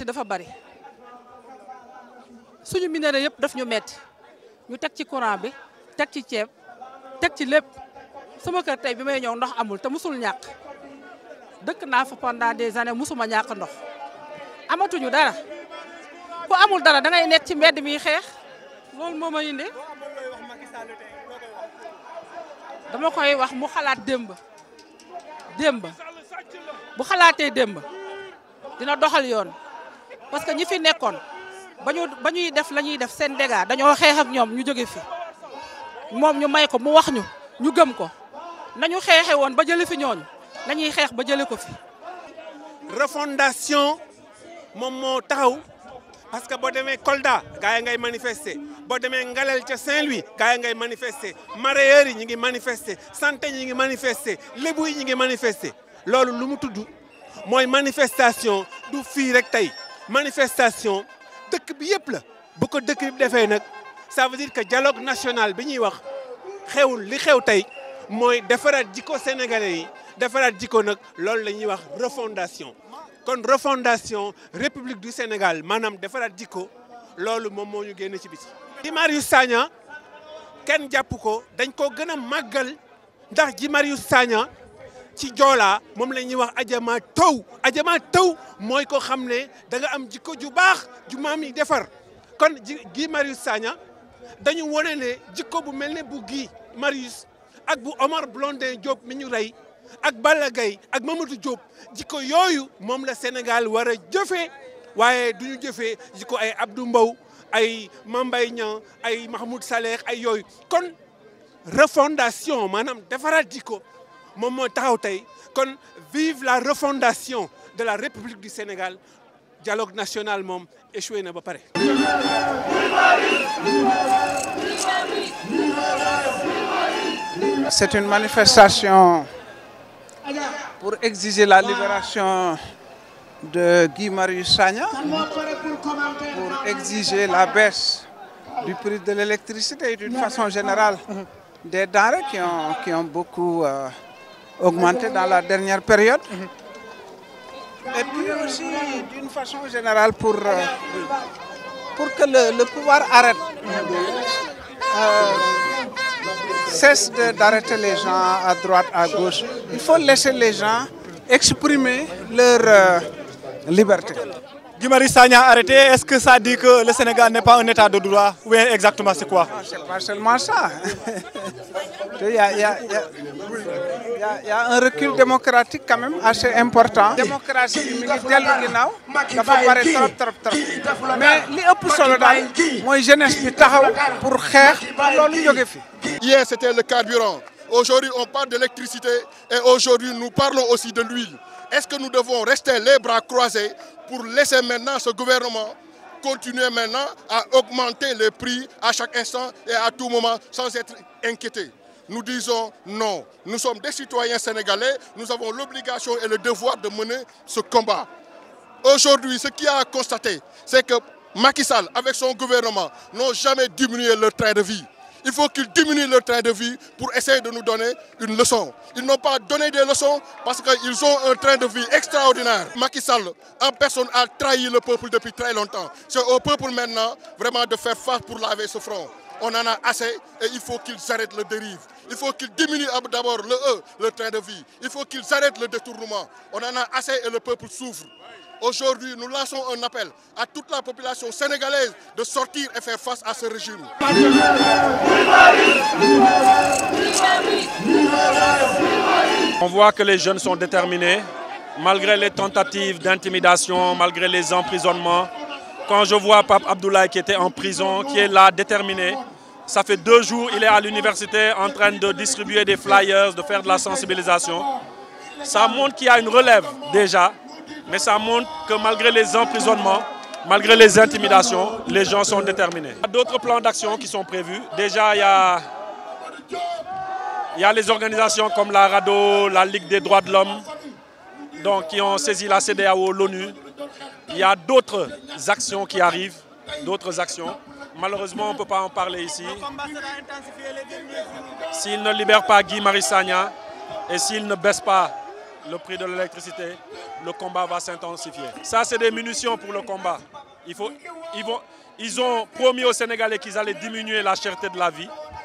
dafa bari su suñu minerai yëpp daf ñu metti ñu teg ci courant bi teg ci ceeb teg ci lépp sama kër tey bi may ñëw ndox amul te musul ñàkk dëkk naa fa pendant des années musuma ñàkk ndox amatuñu dara ku amul dara dangay nekk ci mbedd mi xeex loolu moo ma indi dama koy wax mu xalaat démb démb bu xalaatee démb dina doxal yoon parce que ñi fi nekkoon bañu bañuy def lañuy def sen dégâts dañoo xeex ak ñom ñu joggé fi mom ñu may ko mu wax ñu ñu gëm ko nañu xeexe won ba jële fi ñooñu nañuy xeex ba jële ko fi refondation mom mo taxaw parce que bo démé Kolda gaay ngay manifester bo démé Ngalel ci Saint-Louis gaay ngay manifester mareyeurs yi ñi ngi manifester santé yi ngi manifester lébu yi ngi manifester loolu lu mu tudd moy manifestation du fi rek tay manifestation de bi yëpp la bu ko ça veut dire que dialogue national bi ñuy wax xewul li xew sénégalais yi la refondation kon refondation république du Sénégal maanaam defaraat jikko loolu moom moo ñu génn ci biti Di Marius Sagna Ken jàpp ko dañ ko gën a ci joolaa moom la wax ajama taw ajama taw moy ko xamné da nga am jikko ju ju kon Guy Marius Sanya. dañu woné ne jikko bu bu Marius ak bu Omar Blondin Diop mi ñu ak Balla ak Mamadou job, jikko mom la Sénégal wara jëfé wayé duñu jëfé ay Abdou ay ay Mahmoud Saleh ay kon refondation manam défaral jikko moment vive la refondation de la République du Sénégal dialogue national échoué na ba paré. C'est une manifestation pour exiger la libération de Guy Marius Sagna, pour exiger la baisse du prix de l'électricité et d'une façon générale des denrées qui ont, qui ont beaucoup... Euh, augmenté dans la dernière période. Mhm. Et puis aussi, d'une façon générale, pour, euh, pour que le, pouvoir arrête, euh, cesse d'arrêter les gens à droite, à gauche. Il faut laisser les gens exprimer leur euh, liberté. Guimari Sagna arrêté, est-ce que ça dit que le Sénégal n'est pas un état de droit Ou exactement c'est quoi C'est pas seulement ça. y a... Il y a un recul démocratique quand même assez important. démocratie trop mais li pour faire. hier c'était le carburant aujourd'hui on parle d'électricité et aujourd'hui nous parlons aussi de l'huile est-ce que nous devons rester les bras croisés pour laisser maintenant ce gouvernement continuer maintenant à augmenter les prix à chaque instant et à tout moment sans être inquiétés nous disons non. Nous sommes des citoyens sénégalais, nous avons l'obligation et le devoir de mener ce combat. Aujourd'hui, ce qui a constaté, c'est que Macky Sall, avec son gouvernement, n'ont jamais diminué leur train de vie. Il faut qu'ils diminuent leur train de vie pour essayer de nous donner une leçon. Ils n'ont pas donné des leçons parce qu'ils ont un train de vie extraordinaire. Macky Sall, en personne, a trahi le peuple depuis très longtemps. C'est au peuple maintenant vraiment de faire face pour laver ce front. On en a assez et il faut qu'ils arrêtent le dérive. Il faut qu'ils diminuent d'abord le E, le train de vie. Il faut qu'ils arrêtent le détournement. On en a assez et le peuple souffre. Aujourd'hui, nous lançons un appel à toute la population sénégalaise de sortir et faire face à ce régime. On voit que les jeunes sont déterminés, malgré les tentatives d'intimidation, malgré les emprisonnements. Quand je vois Pape Abdoulaye qui était en prison, qui est là déterminé, ça fait deux jours, il est à l'université en train de distribuer des flyers, de faire de la sensibilisation. Ça montre qu'il y a une relève déjà, mais ça montre que malgré les emprisonnements, malgré les intimidations, les gens sont déterminés. Il y a d'autres plans d'action qui sont prévus. Déjà, il y a les organisations comme la RADO, la Ligue des droits de l'homme, donc qui ont saisi la CDAO, l'ONU, il y a d'autres actions qui arrivent, d'autres actions. Malheureusement, on ne peut pas en parler ici. S'il ne libèrent pas Guy Marissagna et s'il ne baisse pas le prix de l'électricité, le combat va s'intensifier. Ça, c'est des munitions pour le combat. ils, ils ont promis aux Sénégalais qu'ils allaient diminuer la cherté de la vie.